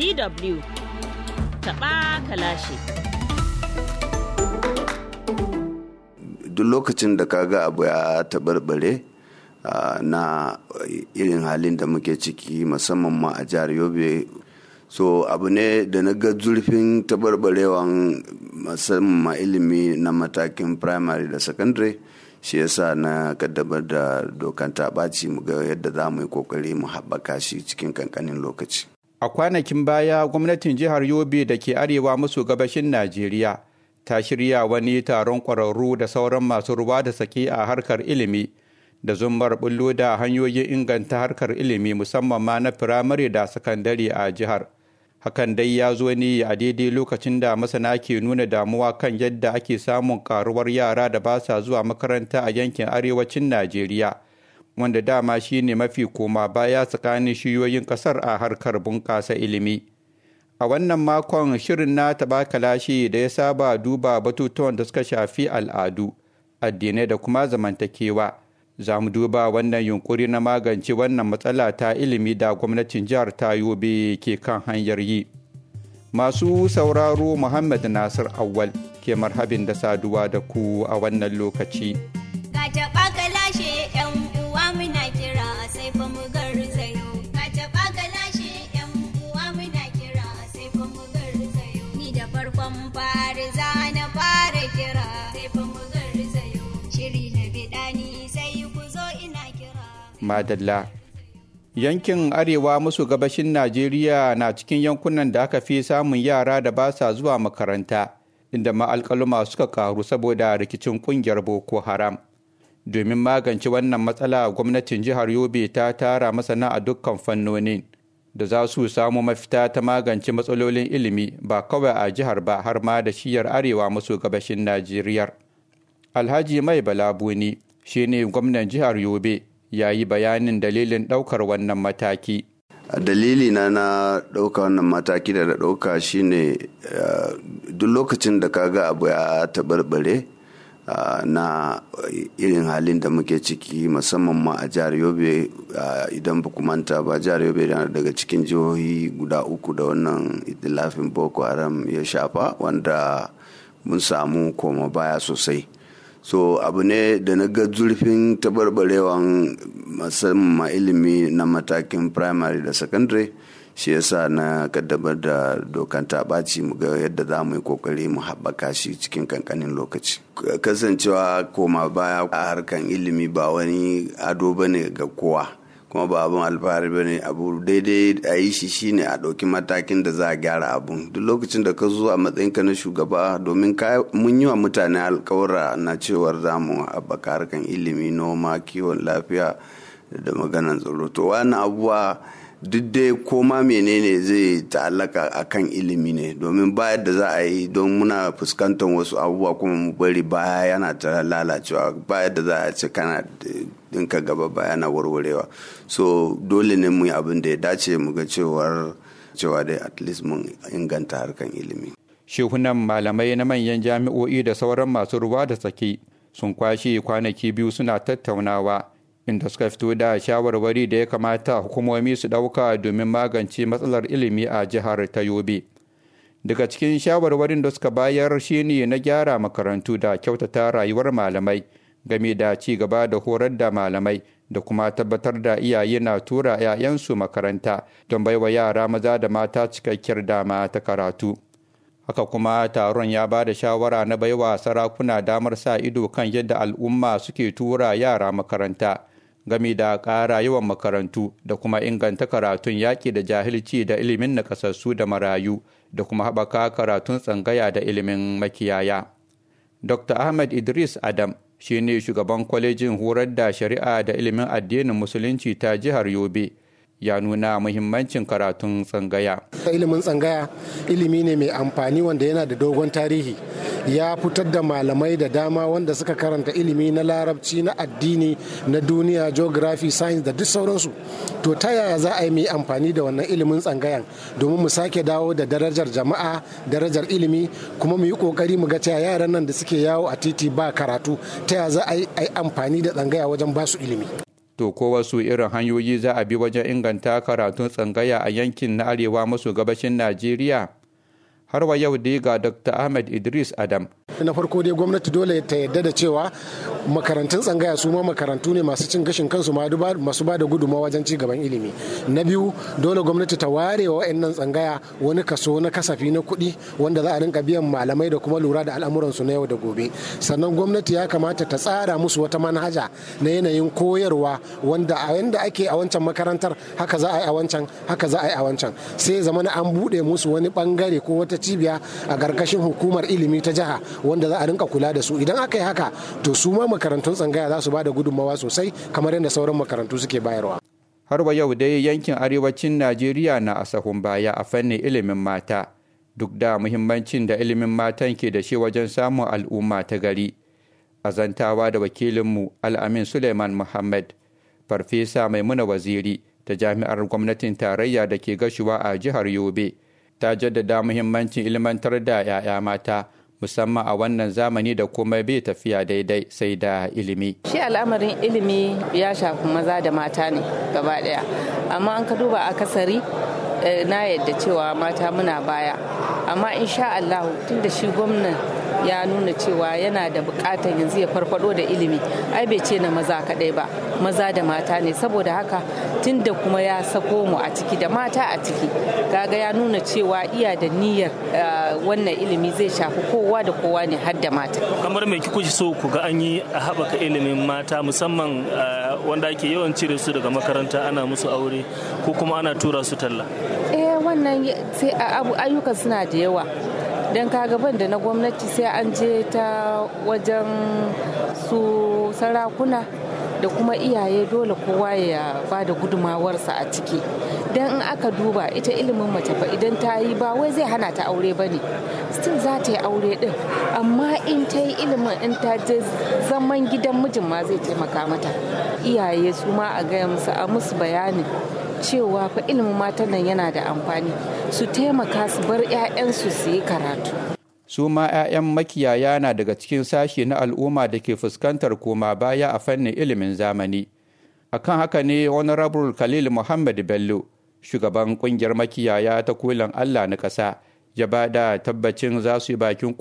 DW taɓa kalashe. Duk lokacin da kaga abu ya tabarbare na irin halin da muke ciki musamman ma a jihar Yobe. So abu ne da na ga zurfin taɓarɓarewan musamman ma ilimi na matakin primary da secondary. shi yasa na kaddabar da dokan ta ɓaci mu ga yadda za mu yi kokari mu haɓaka shi cikin kankanin lokaci a kwanakin baya gwamnatin jihar yobe da ke arewa maso gabashin najeriya ta shirya wani taron ƙwararru da sauran masu ruwa da sake a harkar ilimi da zumar bullo da hanyoyin inganta harkar ilimi musamman ma na firamare da sakandare a jihar hakan dai ya zo ne a daidai lokacin da masana ke nuna damuwa kan yadda ake samun karuwar yara da ba sa zuwa makaranta a yankin arewacin najeriya wanda dama shi ne mafi koma baya tsakanin shiyoyin kasar a harkar bunƙasa ilimi a wannan makon shirin na tabakalashi da ya saba duba batutuwan da suka shafi al'adu addinai da kuma zamantakewa za mu duba wannan yunkuri na magance wannan matsala ta ilimi da gwamnatin jihar ta yobe ke kan hanyar yi masu sauraro muhammad nasir awal ke marhabin da saduwa da ku a wannan lokaci. madalla yankin arewa maso gabashin najeriya na cikin yankunan da aka fi samun yara da ba sa zuwa makaranta inda ma'alƙaluma suka karu saboda rikicin ƙungiyar boko haram domin magance wannan matsala gwamnatin jihar yobe ta tara masana a dukkan fannonin da za su samu mafita ta magance matsalolin ilimi ba kawai a jihar ba har ma da shiyar arewa maso gabashin najeriya alhaji mai balabuni shine gwamnan jihar yobe ya yi bayanin dalilin ɗaukar wannan mataki. dalili na na ɗauka wannan mataki da na ɗauka ne eh, duk lokacin da ka ga abu ya taɓarɓare ah, na irin halin da muke ciki musamman ma a jihar yobe ah, idan ba manta ba jihar yobe yana daga cikin jihohi guda uku da wannan itilafin boko haram ya shafa wanda mun samu koma baya sosai so abu ne da na ga zurfin taɓarɓarewan musamman ilimi na matakin primary da secondary shi yasa na kaddabar da dokan ta ɓaci mu ga yadda za mu yi kokari mu haɓaka shi cikin kankanin lokaci kasancewa koma baya a harkan ilimi ba wani ado bane ga kowa kuma ba abun alfahari ba ne abu daidai a yi shi shine a ɗauki matakin da za a gyara abun duk lokacin da ka zo a ka na shugaba domin mun yi wa mutane alkawura na cewar zamu mu baka harkan ilimi noma kiwon lafiya da maganan tsaro to wani abuwa duk dai koma menene zai ta'allaka a kan ilimi ne domin ba yadda za a yi don muna fuskantar wasu abubuwa kuma mu bari baya yana ta lalacewa ba yadda za a ce kana Dinka gaba ba yana warwarewa so dole ne mu yi abin da ya dace mu ga cewar cewa dai at least mun inganta harkan ilimi shehunan malamai na manyan jami'o'i da sauran masu ruwa da tsaki sun kwashe kwanaki biyu suna tattaunawa inda suka fito da shawarwari da ya kamata hukumomi su ɗauka domin magance matsalar ilimi a jihar ta yobe daga cikin shawarwarin da suka bayar shine na gyara makarantu da kyautata rayuwar malamai game da ci gaba da horar da malamai da kuma tabbatar da iyaye na tura 'ya'yansu makaranta don baiwa yara maza da mata cikakkiyar dama ta karatu. Haka kuma taron ya ba da shawara na baiwa sarakuna damar sa ido kan yadda al'umma suke tura yara makaranta game da ƙara yawan makarantu da kuma inganta karatun yaƙi da jahilci da ilimin nakasassu da marayu da kuma haɓaka karatun tsangaya da ilimin makiyaya. Dr. Ahmad Idris Adam shine shugaban kwalejin horar da shari'a da ilimin addinin musulunci ta jihar yobe ya nuna muhimmancin karatun tsangaya ilimin tsangaya ilimi ne mai amfani wanda yana da dogon tarihi ya fitar da malamai da dama wanda suka karanta ilimi na larabci na addini na duniya geography science da duk sauransu to ta yaya za a yi mai amfani da wannan ilimin tsangayan domin mu sake dawo da darajar jama'a darajar ilimi kuma mu yi kokari mu ga ta yaran nan da suke yawo a titi ba karatu ta yaya za a yi amfani da tsangaya wajen basu ilimi to ko wasu irin hanyoyi za a bi wajen inganta karatun tsangaya a yankin na arewa maso gabashin najeriya har wa yau dai ga dr ahmed idris adam na farko dai gwamnati dole ta yadda da cewa makarantun tsangaya su ma makarantu ne masu cin gashin kansu masu ba da guduma wajen ci gaban ilimi na biyu dole gwamnati ta ware wa wa'annan tsangaya wani kaso na kasafi na kuɗi wanda za a rinka biyan malamai da kuma lura da al'amuransu na yau da gobe sannan gwamnati ya kamata ta tsara musu wata manhaja na yanayin koyarwa wanda a yanda ake a wancan makarantar haka za a yi a wancan haka za a yi a wancan sai zamana an buɗe musu wani bangare ko wata cibiya a ƙarƙashin hukumar ilimi ta jiha wanda za a rinka kula da su idan aka yi haka to su ma makarantun tsangaya za su ba da gudunmawa sosai kamar yadda sauran makarantu suke bayarwa har wa yau dai yankin arewacin najeriya na a sahun baya a fannin ilimin mata duk da muhimmancin da ilimin matan ke da shi wajen samun al'umma ta gari azantawa da wakilinmu al'amin suleiman muhammad farfesa maimuna waziri ta jami'ar gwamnatin tarayya da ke gashuwa a jihar yobe ta jaddada muhimmancin ilimantar da 'ya'ya mata musamman a wannan zamani da kuma bai tafiya daidai sai da ilimi. Shi al'amarin ilimi ya shafi maza da mata ne gaba daya amma an ka duba akasari eh, na yadda cewa mata muna baya amma insha Allah tun da shi gwamnan ya nuna cewa yana da bukatan yanzu ya farfado da ilimi ai bai ce na maza kadai ba maza da mata ne saboda haka tunda kuma ya sako mu a ciki da mata a ciki kaga ya nuna cewa iya da niyyar eh, wannan ilimi zai shafi kowa da kowa ne har da mata kamar mai kiku so ku ga an yi a haɓaka ilimin mata musamman eh, wanda ake yawan cire su daga makaranta ana musu aure ko kuma ana tura su talla eh wannan sai ayyukan suna da yawa don kaga ban da na gwamnati sai an je ta wajen su sarakuna da kuma iyaye dole kowa ya ba da gudumawarsa a ciki don in aka duba ita ilimin mace fa idan ta yi ba wai zai hana ta aure ba ne still za ta yi aure din amma in ta yi ilimin in ta je zaman gidan mijin ma zai taimaka mata iyaye su ma a gaya musu a musu bayanin cewa fa ilimin matan nan yana da amfani su taimaka su bar 'ya'yansu su yi karatu su ma 'ya'yan makiyaya na daga cikin sashe na al'umma da ke fuskantar koma baya a fannin ilimin zamani akan haka ne wani honorable khalil muhammad bello shugaban kungiyar makiyaya ta kolin allah na ƙasa ya ba da tabbacin za su yi bakin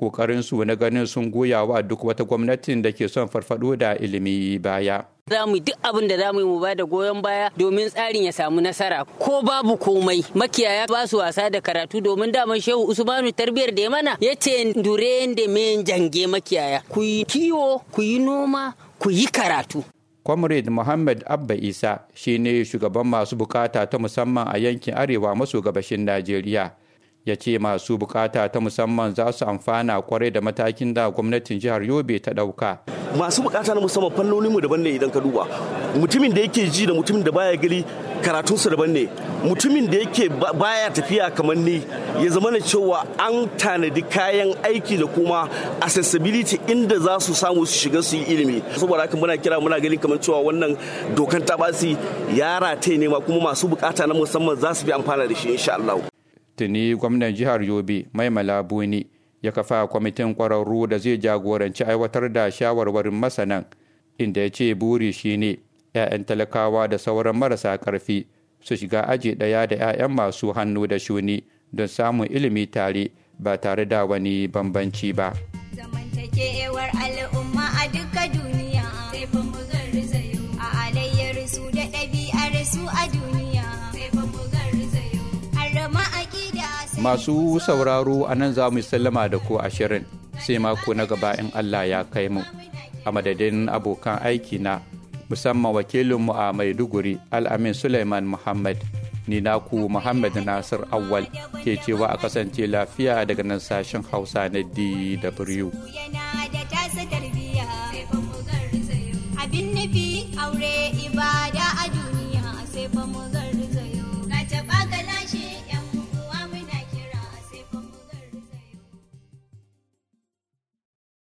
su na ganin sun goya wa duk wata gwamnatin da ke son farfado da ilimi baya. za mu duk abin da za mu yi mu ba da goyon baya domin tsarin ya samu nasara ko babu komai makiyaya ba su wasa da karatu domin daman shehu usmanu tarbiyar da ya mana ya ce dure da men jange makiyaya ku yi kiwo ku yi noma ku yi karatu comrade muhammad abba isa shine shugaban masu bukata ta musamman a yankin arewa maso gabashin najeriya ya ce masu bukata ta musamman za su amfana kwarai da matakin da gwamnatin jihar yobe ta dauka masu bukata na musamman fannoni mu daban ne idan ka duba mutumin da yake ji da mutumin da baya gari karatun daban ne mutumin da yake baya tafiya kamar ni ya zama na cewa an tanadi kayan aiki da kuma accessibility inda za su samu su shiga su yi ilimi saboda haka muna kira muna gani kamar cewa wannan dokan ta basi yara ta ne ma kuma masu bukata na musamman za su bi amfana da shi insha Allah tuni gwamnan jihar yobe mai malabuni ya kafa kwamitin kwararru da zai jagoranci aiwatar da shawarwarin masanan inda ya ce buri shine 'ya'yan talakawa da sauran marasa ƙarfi su shiga aji ɗaya da 'ya'yan masu hannu da shuni don samun ilimi tare ba tare da wani bambanci ba. masu sauraro a nan za mu sallama da ku ashirin sai mako na gaba in Allah ya kai mu a madadin abokan aiki na musamman wakilinmu a maiduguri al'amin suleiman muhammad ni naku muhammad nasir awal ke cewa a kasance lafiya daga nan sashen hausa na dw